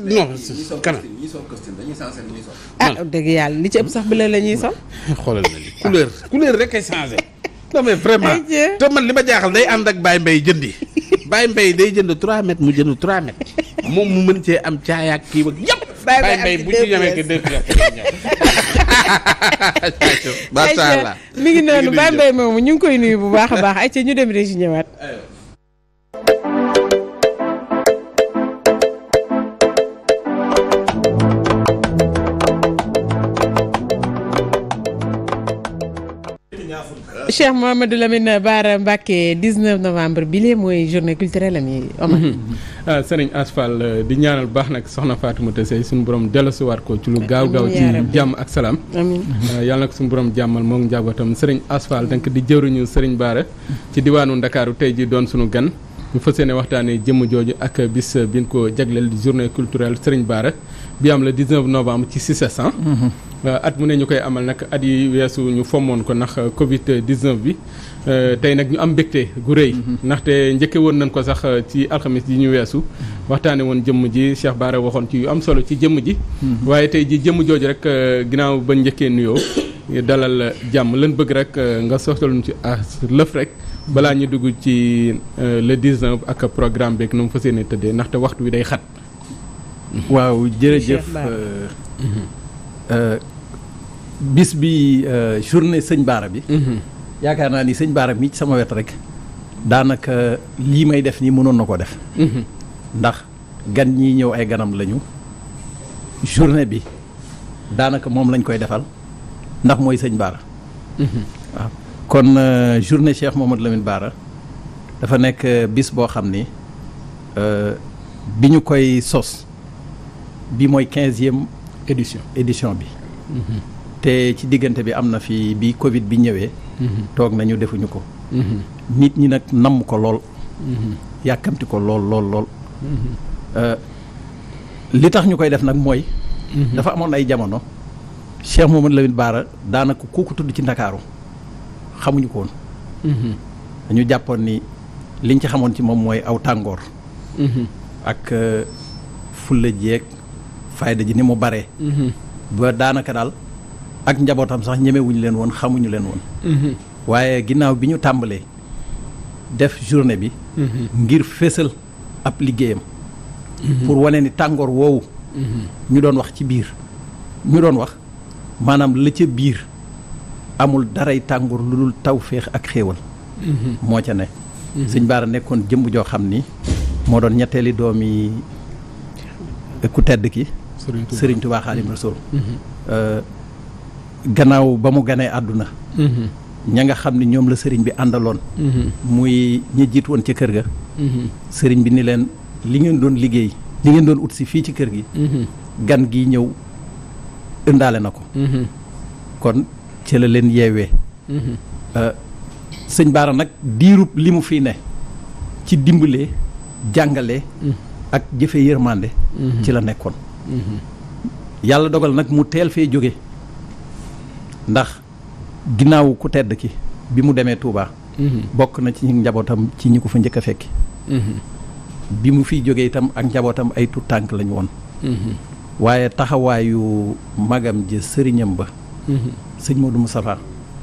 non kanam ah dëgg yàlla li ci ëpp sax bleu la ñuy sol. xoolal na li couleur couleur rek a changé. non mais vraiment te man li ma jaaxal day ànd ak Baye Mbaye jëndi Baye Mbaye day jënd 3 mètres mu jënd 3 mètres moom mu mën cee am caaya ak kii ba yëpp. Baye Mbaye bu ci yemee que deux macha allah mi ngi ñu ngi koy nuyu bu baax a baax ayca ñu dem rek ñëwaat. Cheikh Mouhamadou Lamine Bara Mbacké 19 novembre bi lee mooy journée culturelle am yi Omar. Mhm. ah Serigne Asfal euh, di ñaanal baax nag soxna Fatoumata Seye suñu borom dellusiwaat ko ci lu gaaw gaaw ci jàmm ak salaam. amiin euh, yàlla na ko suñu borom jàmmal moom njabootam Serigne Asfal donc di jëruñu Serigne Bara ci diwaanu Ndakaaru tey doon suñu gan. ñu fas yéene waxtaanee jëmm jooju ak bis bin ko jagleel journée culturelle Serigne Bara bi am la 19 novembre ci si sa 600. at mu ne ñu koy amal nag at yi weesu ñu fommoon ko ndax Covid 19 bi euh, tey nag ñu am mbégte gu rëy. Mm-hmm. ndaxte njëkke woon nañ ko sax ci alxamis yi ñu weesu. Mm-hmm. waxtaanee woon jëmm ji Cheikh baare waxoon ci yu am solo ci jëmm ji. Mm-hmm. waaye tey ji jëmm jooju rek euh, ginnaaw ba njëkkee nuyoo. ñu dalal jàmm lan bëgg rek euh, nga soxtaluñ ci as lëf rek balaa ñu dugg ci euh, le 19 ak programme beeg nu mu fas yéene tëddee ndaxte waxtu wi day xat. waaw jërëjëf euh, bis bi journée sëñ Baara bi. Mhm. yaakaar naa ni sëñ Baara bi ci sama wet rek daanaka lii may def nii mënoon na ko def. Mhm. ndax gan ñi ñëw ay ganam lañu journée bi daanaka moom lañ koy defal. ndax mooy sëñ Baara. Mhm. waaw kon euh, journée Cheikh Mouhamadou Lamine Baara dafa nekk euh, bis boo xam ni euh, bi ñu koy sos bi mooy quinzième édition édition bi. Mhm. te ci diggante bi am na fi bi Covid bi ñëwee. Mhm. toog nañu defuñu ko. nit ñi nag namm ko lool. yàkkamti ko lool lool lool. li tax ñu koy def nag mooy. dafa amoon ay jamono. Cheikh a Lamine Baara daanaka ku ko tudd ci ndakaaru xamuñu ko woon. Mhm. dañu jàppoon ni liñ ci xamoon ci moom mooy aw tàngoor. Mhm. ak euh, fulla jeeg fayda ji ni mu bare. Mhm. ba daanaka daal ak njabootam sax ñemewuñu leen woon xamuñu leen woon. waaye ginnaaw bi ñu tàmbalee def journée bi. ngir fésal ab liggéeyam. pour wane ni tàngoor woowu. ñu doon wax ci biir ñu doon wax. maanaam la ca biir amul daray tàngoor lu dul taw féex ak xéewal mhm. moo ca ne mhm. sëñ Baara nekkoon jëmb joo xam ni moo doon ñetteeli doomi eh, ku tedd ki sëriñ Tuubaa Xaadimu mhm. Rasuul euh, gannaaw ba mu ganee àdduna ña nga xam ne ñoom la sëriñ bi àndaloon muy ñi jiit woon ca kër ga sëriñ bi ni leen li ngeen doon liggéey li ngeen doon ut si fii ci kër gi gan gi ñëw indaale na ko mhm. kon ci la leen yeewee mhm. euh, sëñ Baara nag diirub li mu fii ne ci dimbalee jàngale mhm. ak jëfe yërmande ci la nekkoon yàlla dogal nag mu teel fee jóge ndax ginnaaw ku tedd ki bi mu demee Touba bokk na ci njabootam ci ñi ko fa njëkk a fekki bi mu fiy jóge itam ak njabootam ay tuut tànk lañu woon waaye taxawaayu magam ji sëriñam ba mhm. sëñ Modou Moustapha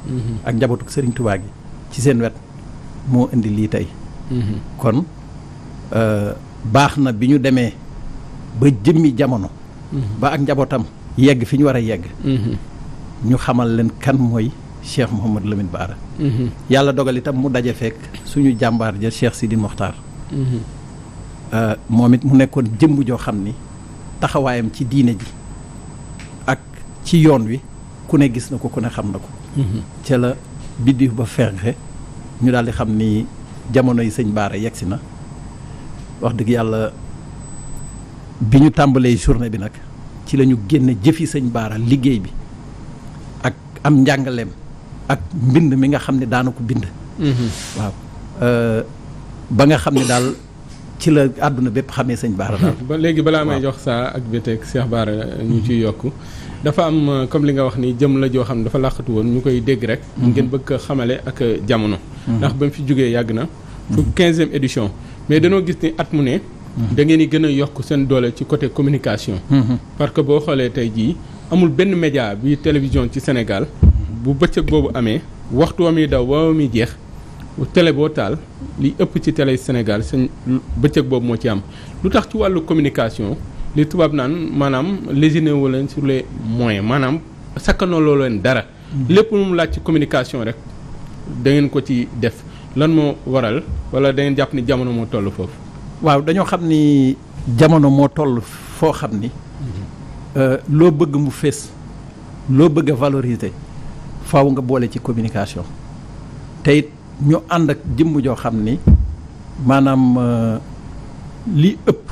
mhm. ak njabootu sëriñ Touba gi ci seen wet moo indi lii tey mhm. kon euh, baax na bi ñu demee ba jëmmi jamono ba ak njabootam yegg fi ñu war a yegg ñu xamal leen kan mooy cheikh Mouhamad Lamine Baara yàlla dogal itam mu daje fekk suñu jàmbaar ja cheikh Sidi Mokhtar euh, moom it mu nekkoon jëmm joo xam ni taxawaayam ci diine ji ak ci yoon wi ku ne gis na ko ku ne xam na ko mhm. ca la biddiw ba ferxe ñu daal di xam ni jamono yi sëñ Baara yegsi na wax dëgg yàlla bi ñu tàmbalee journée bi nag ci lañu ñu génne jëfi sëñ Baara liggéey bi ak am njàngaleem ak mbind mi nga xam ne daana ko bind mhm. waaw euh, ba nga xam ne daal ci la àdduna bépp xamee sëñ Baara daal. ba léegi balaa may jox saa ak béteeg Cheikh Baara ñu ci yokk. dafa am euh, comme li nga wax ni jëm la joo xam ne dafa làqatu woon ñu koy dégg rek. Mhm. ngeen bëgg xamale ak jamono. Mhm. ndax ba mu fi jógee yàgg na. Mhm. fu quinzième édition mais danoo gis ni at mu ne. da ngeen di gën a yokk seen doole ci côté communication. parce que boo xoolee tey jii amul benn média bi télévision ci Sénégal bu bëccëg boobu amee waxtu wa muy daw wa muy jeex. télé boo taal li ëpp ci tele Sénégal seen bëccëg boobu moo ci am lu tax ci wàllu communication li tubaab naan maanaam lésiné wu leen sur les moyens maanaam sakkanoo loo leen dara. Mm-hmm. lépp lu mu laaj ci communication rek da ngeen ko ci def lan moo waral wala da jàpp ni jamono moo toll foofu. waaw dañoo xam ni jamono moo toll foo xam ni. Mm-hmm. Euh, loo bëgg mu fees loo bëgg a valoriser nga boole ci communication te ñu ànd ak jëmm joo xam ni maanaam euh, li ëpp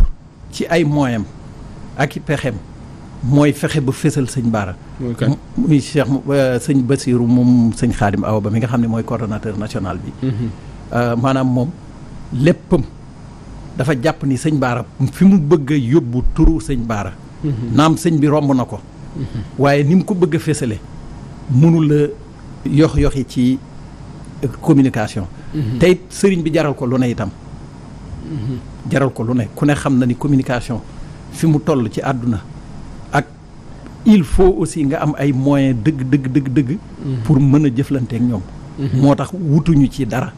ci ay moyam ak i pexem mooy fexe ba fésal sëñ Baara. muy Cheikh euh, sëñ Basiiru moom sëñ Xaadim Awa Ba mi nga xam ne mooy coordonnateur national bi. Mhm. Euh, maanaam moom léppam dafa jàpp ni sëñ Baara fi mu bëgg yóbbu turu sëñ Baara. Mhm. naam sëñ bi romb na ko. Mhm. waaye ni mu ko bëgg a mënula yox yoxi ci communication. Mhm. te sëriñ bi jaral ko lu ne itam. Mhm. jaral ko lu ne ku ne xam na ni communication fi mu toll ci àdduna ak il faut aussi nga am ay moyen dëgg dëgg dëgg dëgg. Mhm. pour mën a jëflanteek ñoom. moo tax wutuñu ci dara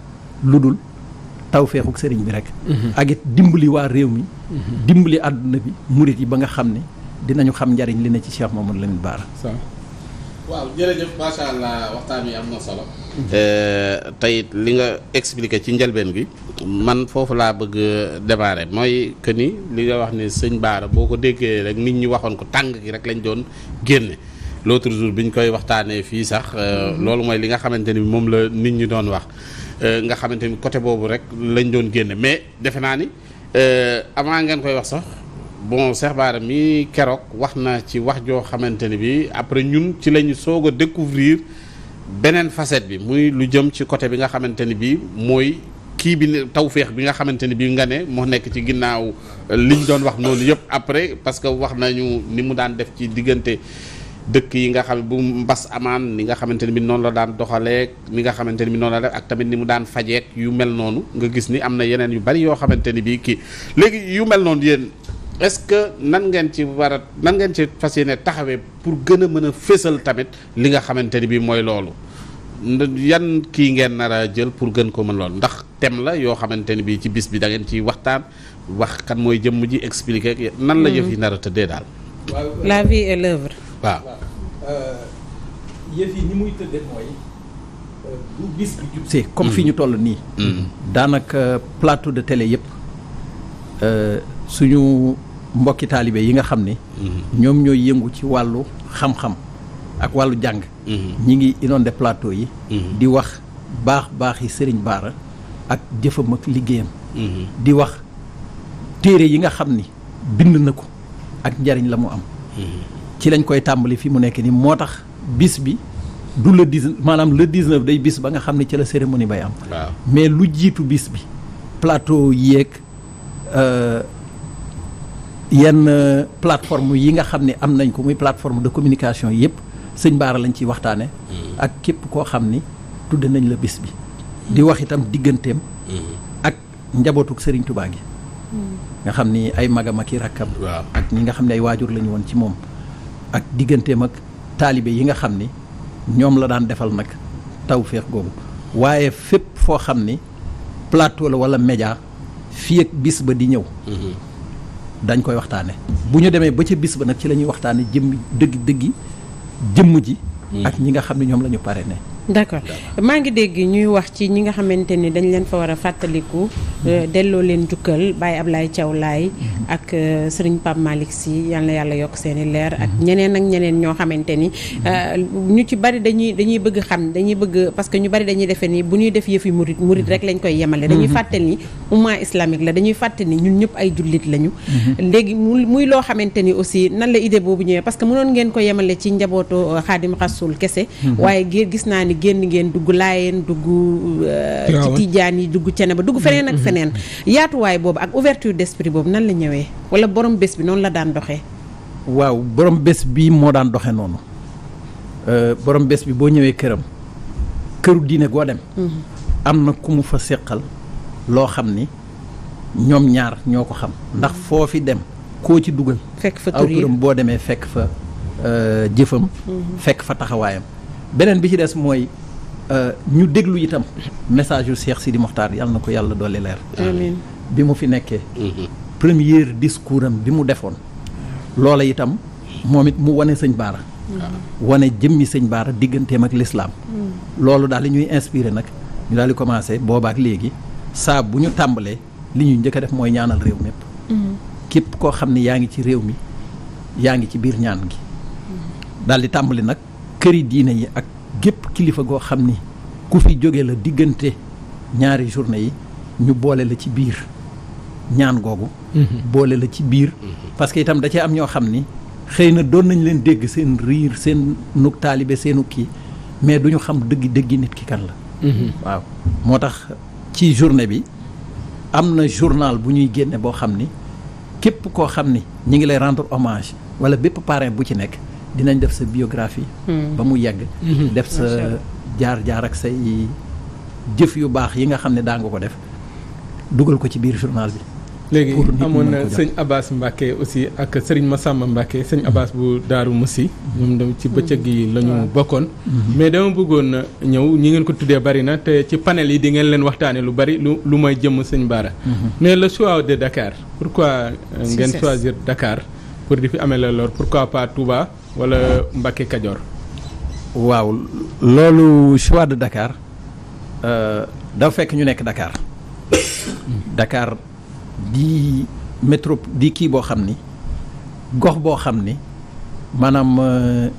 lu dul tawféexuk sëriñ bi rek. ak it dimbali waa réew mi. dimbali àdduna bi murit yi ba nga xam ne dinañu xam njariñ li ne ci Cheikh Mamadou Lamine Bara. waaw jërëjëf macha allah waxtaan bi am na solo. Eh, tey li nga expliqué ci njëlbeen gi. man foofu laa bëgg démarrer mooy que ni li nga wax ne sëñ Baara boo ko déggee rek nit ñi waxoon ko tàng gi rek lañ doon génne. l'autre jour bi ñu koy waxtaanee fii sax eh, loolu mooy li nga xamante ni moom la nit ñi doon wax eh, nga xamante ni côté boobu rek lañ doon génne mais defe naa ni avant ngeen koy wax sax. bon Cheikh baar mii keroog wax na ci wax joo xamante ni bi après ñun ci la ñu soog a découvrir beneen facette bi muy lu jëm ci côté bi nga xamante ni bi mooy kii bi tawféex bi nga xamante ni bii nga ne moo nekk ci ginnaaw euh, liñ doon wax noonu yëpp après parce que wax nañu ni mu daan def ci diggante dëkk yi nga xam bu mbas amaan ni nga xamante ni bi noonu la daan doxaleek ni nga xamante ni bi noonu la def ak tamit ni mu daan fajeek yu mel noonu nga gis ni am na yeneen yu bari yoo xamante ni bii léegi yu mel noonu yéen est-ce que nan ngeen ci war a nan ngeen ci fas yéene taxawee pour gën a mën a fésal tamit li nga xamante ni bii mooy loolu yan kii ngeen nar a jël pour gën ko mën loolu ndax thème la yoo xamante ni bii ci bis bi da ngeen ciy waxtaan wax kan mooy jëmm ji expliquer nan la yëf yi mm-hmm. nar a tëddee daal. la vie est l'œuvre. Euh, euh, comme fi ñu mm-hmm. toll nii. Mm-hmm. daanaka plateau de télé yëpp euh, suñu. mbokki taalibe yi nga xam ne ñoom ñooy yëngu ci wàllu xam-xam ak wàllu jàng mm-hmm. ñi ngi inondé plateau yi mm-hmm. di wax baax baax yi sëriñ baara ak jëfam ak liggéeyam mm-hmm. di wax téere yi nga xam ni bind na ko ak njariñ la mu am ci lañ koy tàmbali fi mu nekk ni moo tax bis bi du le dix maanaam le dix-neuf day bis ba nga xam ne ci la cérémonie bay am mais lu jiitu bis bi plateau yéeg euh, yenn euh, plateforme yi nga xam ne am nañ ko muy plateforme de communication yëpp sëñ Baara lañ ciy waxtaane hmm. ak képp koo xam ni tudd nañ la bis bi di wax itam digganteem hmm. ak njabootu sëriñ Tubaa gi hmm. nga xam ni ay magam ak i rakkam ak ñi nga xam ne ay waajur lañu woon ci moom ak digganteem ak taalibe yi nga xam ni ñoom la daan defal nag tawféex googu waaye fépp foo xam ni plateau la wala média fii bis ba di ñëw dañ koy waxtaane bu ñu demee ba ca bis ba nag ci la ñuy waxtaane jëmm dëgg dëggi jëmm ji hmm. ak ñi nga xam ne ñoom la ñu ne d'accord maa ngi dégg ñuy wax ci ñi nga xamante ni dañ leen fa war a fàttaliku euh, mm-hmm. delloo leen jukkal Baye Ablaye Thiaw Laye mm-hmm. ak euh, sëriñ Pape Malick Sy yal na yàlla yokk seeni leer ak mm-hmm. ñeneen ak ñeneen ñoo xamante ni euh, ñu ci bari dañuy dañuy bëgg xam dañuy bëgg parce que ñu bari dañuy defee ni bu ñuy def yëfi murit murit rek lañ koy yemale dañuy fàttali ni umma islamique la dañuy fàttali ni ñun ñëpp ay jullit lañu léegi muy loo xamante ni aussi nan la idée boobu ñëwee parce que munoon ngeen ko yemale ci njabootu Xaadim Rasul kese waaye gis naa génn ngeen dugg laayeen dugg euh, ci tijaan yi dugg cene ba dugg feneen ak mhm. feneen yaatuwaay boobu ak ouverture d'esprit boobu nan la ñëwee wala borom bés bi noonu la daan doxe waaw borom bés bi moo daan doxee noonu euh, borom bés bi boo ñëwee këram këru diine goo dem mhm. am na ku mu fa séqal loo xam ni ñoom ñaar ñoo ko xam ndax mhm. foofi dem koo ci dugal fekk fa aw këram boo demee fekk fa euh, jëfam fekk fa taxawaayam beneen bi ci des mooy euh, ñu déglu itam message yu Cheikh Sidi Mokhtar yàlla na ko yàlla dolli leer. bi mu fi nekkee. Mm-hmm. premier discours am bi mu defoon. loola itam moom it mu wane sëñ Baara. Mm-hmm. wane jëmmi sëñ Baara digganteem ak lislaam mm. loolu daal li ñuy inspiré nag ñu daal di commencé boobaak léegi saa bu ñu tàmbalee li ñuy njëkk a def mooy ñaanal réew mépp mm-hmm. képp koo xam ne yaa ngi ci réew mi yaa ngi ci biir ñaan gi. daal tàmbali nag. këri diine yi ak gépp kilifa goo xam ni ku fi jóge la diggante ñaari journée yi ñu boole la ci biir ñaan googu mhm. boole la ci biir mhm. parce que itam da cee am ñoo xam ni xëy na doon nañ leen dégg seen riir seen nu taalibe seenu kii mais duñu xam dëgg dëggi nit ki kan la mhm. waaw moo tax ci journée bi am na journal bu ñuy génne boo xam ni képp koo xam ni ñu ngi lay rendre hommage wala bépp parrain bu ci nekk dinañ def sa biographie. Hmm. ba mu yegg. Hmm. def sa jaar jaar ak say jëf yu baax yi nga xam ne daa nga ko def dugal ko ci biir journal bi. léegi amoon na sëñ Abbas Mbacke aussi ak sëriñ Massamba Mbacke sëñ Abbas bu Daaru Moussi. ñoom dem ci bëccëg yi la ñu hmm. bokkoon. mais dama bëggoon na ñëw ñu ngeen ko tuddee bari na te ci panel yi di ngeen leen waxtaanee lu bari lu lu may jëmm sëñ Bara. mais le choix de Dakar pourquoi euh, ngeen choisir Dakar pour di fi amee la lor pourquoi pas Touba. wala Mbacké Kajoor waaw loolu choix de Dakar euh, dafa fekk ñu nekk Dakar dakaar di métro di kii boo xam ni gox boo xam ni maanaam euh,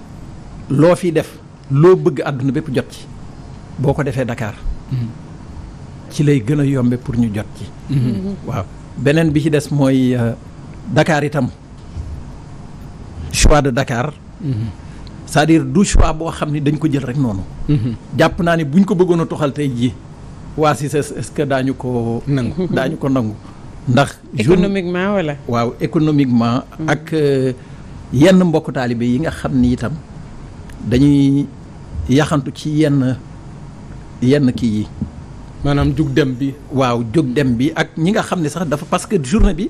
loo fi def loo bëgg àdduna bépp jot ci boo ko defee Dakar mm-hmm. ci lay gën a yombe pour ñu jot ci mm-hmm. waaw beneen bi ci des mooy euh, Dakar itam choix de Dakar. c'est-à-dire du choix boo xam ni dañ ko jël rek noonu. jàpp naa ni buñ ko bëggoona a toxal tey jii waa CICES est-ce que daañu ko. nangu daañu ko nangu. ndax économiquement wala. waaw économiquement. ak euh, yenn mbokk taalibe yi nga xam ni itam dañuy yaxantu ci yenn yenn kii yi. maanaam jug dem bi. waaw jug dem bi ak ñi nga xam ne sax dafa parce journée bi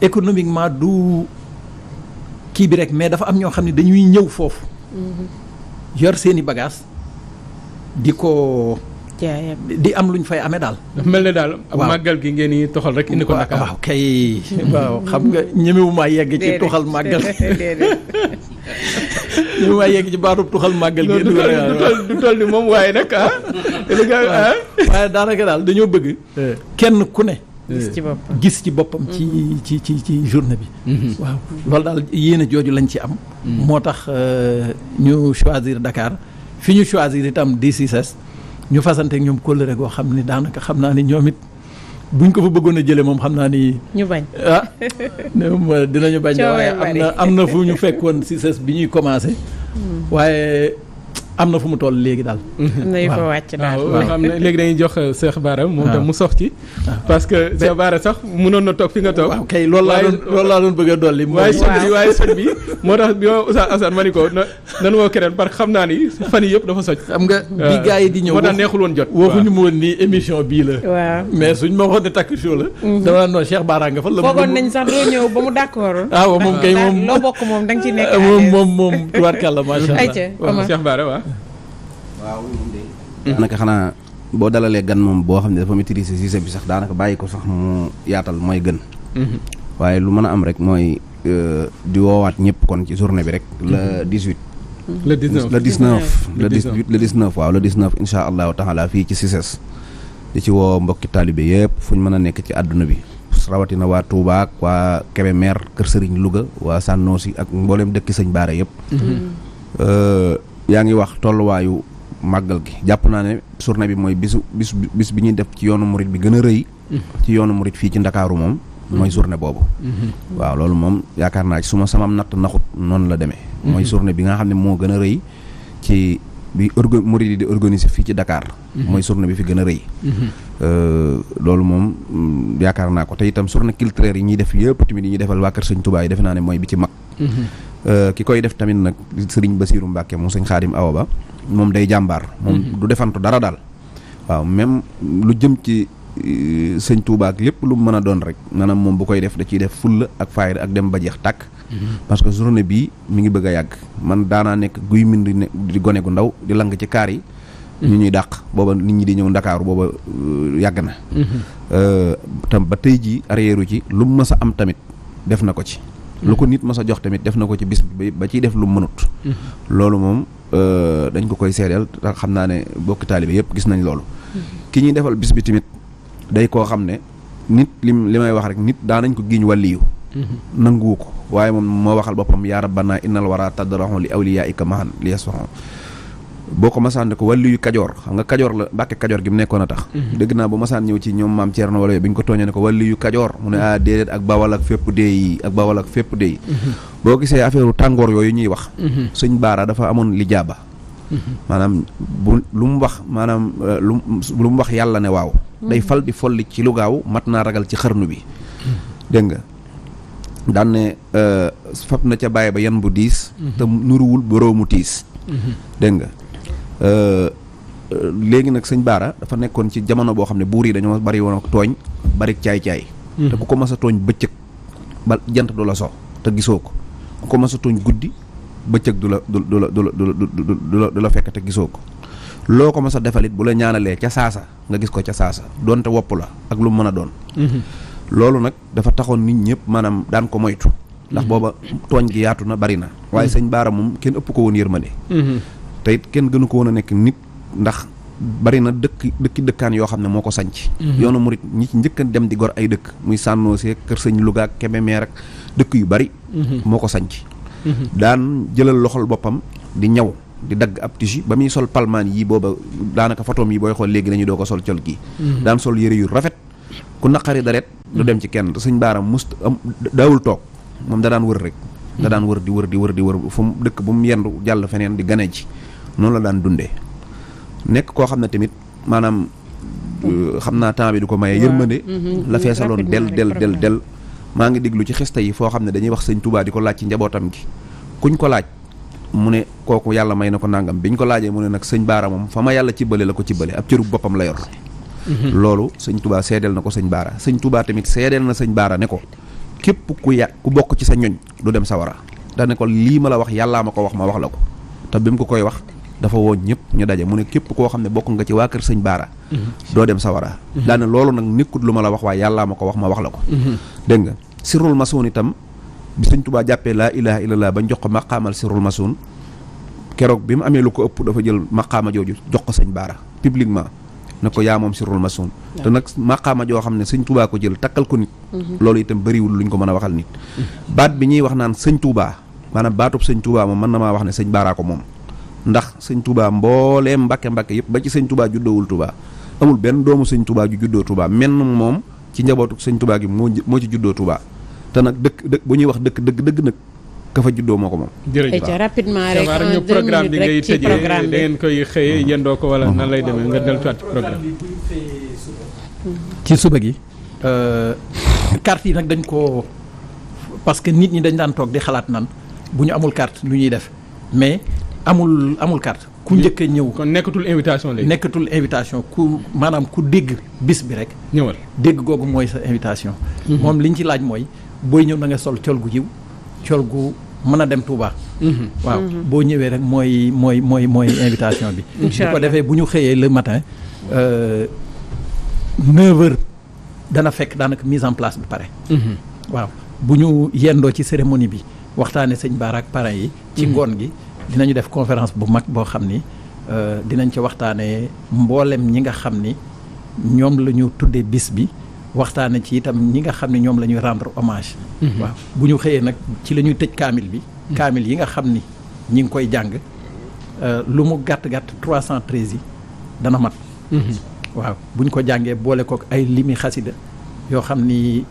économiquement du. kii bi rek mais dafa am ñoo xam ne dañuy ñëw foofu. Mm-hmm. yor seeni i di ko. di am lu ñu fay amee daal. dafa mel ne daal. màggal gi ngeen di toxal rek indi ko Dakar. waaw kay. waaw xam nga ñemewumaa yegg ci toxal màggal. ñemewumaa yegg ci baatub toxal màggal. gi du toll du toll ni moom waaye nag ah. waaye daanaka daal dañoo bëgg. Eh. kenn ku ne. gis ci boppam gis ci boppam ci mm-hmm. ci ci ci journée bi. Mm-hmm. waaw loolu daal yéene jooju lañ ci am. Mm-hmm. moo tax euh, ñu choisir Dakar fi ñu choisir itam di DCSS ñu fasante ñoom kóllëre goo xam ni daanaka xam naa ni ñoom it buñ ko fa bëggoon a jëlee moom xam naa ni. ñu bañ ah. Euh, dinañu bañ waaye am na am na fu ñu fekkoon DCSS bi ñuy commencé. Mm. waaye. am na fu mu toll léegi daal. waaw waaw xam ne léegi dañuy jox euh, Cheikh Bara moom tam ah. mu sox ci. Ah. que Cheikh Bara sax mënoon na toog fi nga toog. waaw kay loolu laa doon loolu bëgg a dolli. waaye sëñ moo tax ma Oustaz ko na nan woo keneen parce que xam naa ni fan yëpp dafa soj. xam nga bi euh, gars di ñëw moo tax neexul jot. waaw waxuñu émission bii la. waaw mais suñ ma waxoon ne takk show la. Mhm. dama naan Cheikh Bara la foogoon nañ sax doo ñëw mu d'accord. Ah, waaw moom moom loo bokk moom da nga ci nekk moom moom moom tubaarkàlla macha allah Cheikh Bara waaw daanaka xanaa boo dalalee gan moom boo xam ne dafa maîtriser si bi sax daanaka bàyyi ko sax mu yaatal mooy gën mhm. waaye lu mën a am rek mooy euh, di woowaat ñëpp kon ci journée bi rek le 18 mhm. le 19 le 19 le 18 le 19 waaw le 19 incha allahu taala fii ci Cissesse di ci woo mbokki taalibe yëpp fu ñu mën a nekk ci àdduna bi rawatina waa Touba ak waa Kébémer Kër Sëriñ Louga waa Sànnoosi ak mbooleem dëkk sëñ Baara yëpp mhm. euh, yaa ngi wax tolluwaayu màggal gi jàpp naa ne journée bi mooy bisu bis bis bi ñuy def ci yoonu murit bi gën a rëy ci yoonu murit fii ci ndakaaru moom mooy journée boobu waaw loolu moom yaakaar naa su ma samam natt naxut noonu la demee mooy journée bi nga xam ne moo gën a rëy ci bi orgo murit fii ci Dakar mooy journée bi fi gën a rëy euh, loolu moom mm, yaakaar naa ko te itam journée culturelle yi ñuy def yëpp tamit yi ñu defal waa Kër Sëñ Touba yi defe naa ne mooy bi ci mag mhm. euh, ki koy def tamit nag Sëriñ Basiiru Mbàkke moom Sëñ Xaadim Awa Ba moom day jàmbaar. moom mhm. du defantu dara daal. waaw même lu jëm ci euh, sëñ Touba ak lépp lu mu mën a doon rek maanaam moom bu koy def da ciy def fulla ak faayda ak dem ba jeex tàkk. Mhm. parce que journée bii mi ngi bëgg a yàgg. man daanaa nekk guy mbind di gone gu ndaw di lang ci kaar yi. Mhm. ñu ñuy dàq booba nit ñi di ñëw ndakaaru booba euh, yàgg na. Euh, tam ba tey jii arrière ci lu mu mës a am tamit def na ko ci. lu ko nit mës a jox tamit def na ko ci bis bi ba ciy def lu mu mënut. loolu Euh, dañ ko koy seedeel xam naa ne bokki taalibe yëpp gis nañ loolu. ki ñuy defal bis bi tamit day koo xam ne nit lim li may wax rek nit daan nañ ko giiñ wàlliyu nanguwu ko waaye moom moo waxal boppam yaa rabbana innal wara tadrahon li awliyaika mahan li yasfahon boo ko masaan ne ko wàllu yu kajoor xam nga kajoor la mbàkke kajoor gi mu nekkoon a tax mhm. dégg naa bu masaan ñëw ci ñoom maam Thierno na yooyu bi ñu ko ko wàllu yu kajoor mu ne ah déedéet ak bawal ak fépp dee yi ak bawal boo gisee affaire tàngoor yooyu ñuy wax. Mhm. sëñ Baara dafa amoon li jaaba. Mhm. maanaam bu lu mu wax maanaam euh, lu lu mu wax yàlla ne waaw. Mhm. day fal di folli ci lu gaaw mat naa ragal ci xarnu bi. dégg nga daan euh, fab na ca bàyyi ba yan bu diis. te nuruwul boroomu tiis. dégg nga euh, léegi nag sëñ Baara dafa nekkoon ci jamono boo xam ne buur yi dañoo bari woon ak tooñ bari caay caay. te ku ko mas tooñ bëccëg ba jant du la so te gisoo ko. ko mës a tooñ guddi bëccëg du la du du la du la du la fekk te gisoo ko loo ko ma a defalit bu la ñaanalee ca saasa nga gis ko ca saasa donte wopp la ak lu mën a doon mhm. loolu nag dafa taxoon nit ñëpp maanaam daan ko moytu ndax mhm. booba tooñ gi yaatu na bari na waaye mhm. sëñ Baara moom kenn ëpp ko woon yërmande te it kenn gënu ko woon a nekk nit ndax bari na dëkk dëkki dëkkaan yoo xam ne moo ko sanc mhm. yoonu murit ñi ci njëkk dem di gor ay dëkk muy sànnoosee kër sëñ Louga ak Kébémer ak dëkk yu bari mhm. moo ko sanc mhm. daan jëlal loxol boppam di ñaw di dagg ab tissu ba muy sol palmaan yi booba daanaka photoom yi booy xool léegi dañu doo ko sol col gi daan sol yëre yu rafet ku naqari daret du dem ci kenn te sëñ baaram must am daawul toog moom da daan wër rek da daan di wër di wër di wër fu mu dëkk bu mu yendu jàll feneen di gane ji noonu la daan dundee nekk koo xam ne tamit maanaam euh, xam naa temps bi du ko maye yërmande mhm. Mhm. la feesaloon del del del del maa ngi déglu ci xista yi foo xam ne dañuy wax sëñ Touba di ko laaj ci njabootam gi kuñ ko laaj mu ne kooku yàlla may na ko nàngam biñ ko laajee mu ne nag sëñ Baara moom fa ma yàlla ci bële la ko ci bële ab cërub boppam la yor mhm. loolu sëñ Touba seedeel na ko sëñ Baara sëñ Touba tamit seedeel na sëñ Baara ne ko képp ku ya ku bokk ci sa ñoñ du dem sawara da ne ko ma la wax yàllaa ma ko wax ma wax la ko te bi ko koy wax dafa woo ñëpp ñu daje mu ne képp koo xam ne bokk nga ci waa kër sëñ Baara. doo dem Sawara. daane loolu nag nekkut lu ma la wax waaye yàllaa ma ko wax ma wax la ko. dégg nga sirrul masoon itam bi sëñ Tuubaa jàppee laa ilaha illallah bañ jox ko maqaamal sirrul masoon keroog bi mu amee lu ko ëpp dafa jël maqaama jooju jox ko sëñ Baara publiquement na ko yaa moom sirrul masoon. te nag maqaama joo xam ne sëñ Tuubaa ko jël takkal ko nit. loolu itam bëriwul luñ ko mën a waxal nit. baat bi ñuy wax naan sëñ Tuubaa maanaam baatub sëñ Tuubaa ma mën na maa wax ne sëñ Baara ko moom ndax sëñ tubaa mbooleem Mbàkke Mbàkke yëpp ba ci sëñ tubaa juddoowul tubaa amul benn doomu sëñ tubaa ju juddoo Touba menn moom ci njabootu sëñ Touba gi moo moo ci juddoo tubaa te nag dëkk dëkk bu ñuy wax dëkk dëgg dëgg nag ka fa juddoo ko moom. jërëjëf rapidement rek ñu programme bi ngay tëjee da ngeen koy xëyee yendoo ko wala nan lay demee nga delluwaat ci programme ci suba gi euh, carte yi nag dañ ko parce que nit ñi dañ daan toog di xalaat nan bu ñu amul carte lu ñuy def mais amul amul carte ku njëkk ñëw. kon nekkatul invitation léegi. nekkatul invitation ku maanaam ku dégg bis bi rek. ñëwal dégg googu mooy sa invitation. Mhm. moom li ñu ci laaj mooy booy ñëw na nga sol col gu jiw col gu mën a dem Touba. Mhm. waaw mhm. boo ñëwee rek mooy mooy mooy mooy invitation bi. incha ko defee bu ñu xëyee le matin euh, neuf dana fekk daanaka mise en place bi pare. waaw bu ñu yendoo ci cérémonie bi waxtaanee sëñ Bara ak yi. ci ngoon gi. dinañu def conférence bu mag boo xam ni euh, dinañ ci waxtaanee mboolem ñi nga xam ni ñoom la ñu tuddee bis bi waxtaane ci itam ñi nga xam ne ñoom la ñuy rendre hommage. Mhm. waaw bu ñu xëyee nag ci la ñuy tëj kaamil bi. Mhm. kaamil yi nga xam ni ñi ngi koy jàng euh, lu mu gàtt gàtt 313 yi dana mat. Mhm. waaw buñ ko jàngee boole kook ay limi xasida yoo xam ni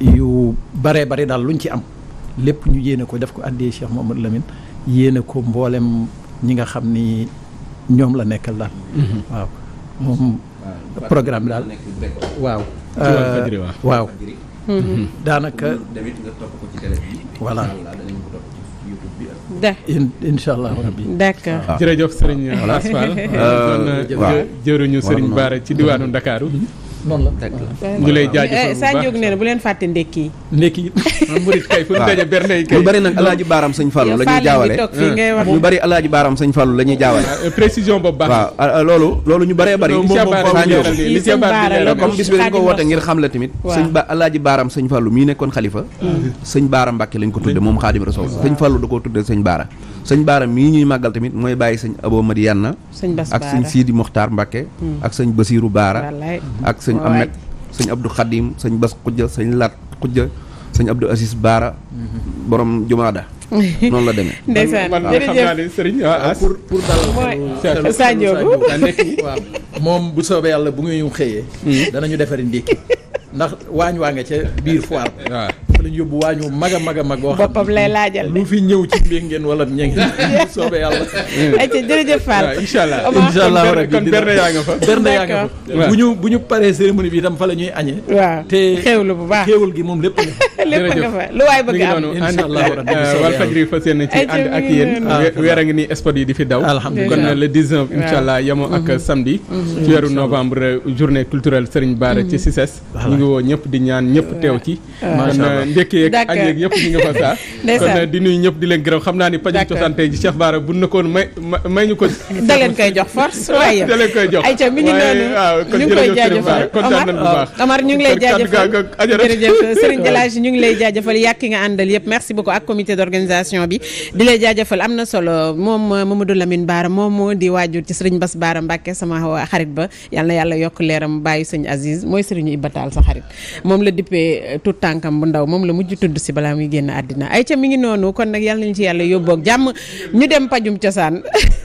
yu baree bari daal luñ ci am lépp ñu yéene ko def ko àddee Cheikh Mouhamadou Lamine. yéene ko mboolem ñi nga xam ni ñoom la nekkal daal. Mhm. waaw moom programme daal waaw. waaw. Euh, mhm. daanaka. voilà. incha allah rabbi d'accord ah. jërëjëf sëriñ Asfal jëruñu sëriñ Baara ci diwaanu mhm. Ndakaaru noonu la ñu lay jaajëfal eh, eh, saa njóog nee bu leen fàtte ndekki yi ndekki yi murit bari nag alaaji baaram sëñ Fallou la ñuy jaawale ñu bari alaaji baaram sañ Fallou lañuy ñuy jaawale boobu baax waaw ah, ah, loolu loolu ñu baree bari saa njóog comme bis bi dañ ko woote ngir xam la tamit sëñ ba alaaji baaram sëñ Fallou mii nekkoon xalifa mm. sëñ baara Mbàkke lañ ko tudde moom Xaadim Rasuul sëñ Fallou da koo tudde sëñ baara sëñ Baara mii ñuy màggal tamit mooy bàyyi sañ Abo Madiana ak sañ Sidi Mokhtar Mbacke hmm. ak sëñ Basiiru Baara ak sëñ Amet sëñ Abdou Khadim sëñ Bas Xujja sëñ Lat Xujja sëñ Abdou Aziz Baara hmm. borom Jumaada noonu la demee. ndeysaan jërëjëf ah, ah. pour pour dalal. Sadio waaw moom bu soobee yàlla bu muy xëyee. Hmm. danañu defari ndékki ndax waañ waa nga ca biir foire. Ah. nañu yóbbu waa ñu mag a mag a mag. boppam lay laajal lu fi ñëw ci mbir ngeen wala ña soobee yàlla. ayca jërëjëf Fall. waaw incha allah incha allah rabbi yaa nga fa. bu ñu bu paree cérémonie bi itam fa la ñuy añee. waaw te xéwlu bu baax xéwul gi moom lépp nga. lépp nga fa lu waay bëgg a am incha allah rabbi uh, Walfadjri fas yéene ci ànd ak yéen. weer a di fi daw. alhamdulilah kon uh, le 19 incha allah yamoo ak mhm. samedi. Mhm. ci weeru novembre uh, journée culturelle Serigne Bara ci mhm. CICES. ñu ngi woo ñëpp di ñaan ñëpp teew ci ndékkee ak añ yeeg yëpp ñu nga fa saa kon euh, di nuyu ñëpp di leen gërëm xam naa ni pajum cosaan tey ji Cheikh Bara bu nekkoon may may ñu ko da leen koy jox force waaye da leen koy jox ayca mi ngi noonu waaw kon jërëjëf Serigne Bara kontaan nañ bu baax Omar ñu ngi lay jaajëfal jërëjëf Serigne ñu ngi lay jaajëfal yàq nga àndal yëpp merci beaucoup ak comité d'organisation bi di lay jaajëfal am na solo moom euh, Mamadou Lamine Bara moom moo di waajur ci Serigne Bass Bara Mbacké sama euh, xarit ba yàlla na yàlla yokk leeram bàyyi Serigne Aziz mooy Serigne Ibataal sa xarit moom la dippee tout tànkam bu ndaw la mujj tudd si balaa muy génn àddina ay ca mi ngi noonu kon nag yàlla nañu ci yàlla yóbboog jàmm ñu dem pajum cosaan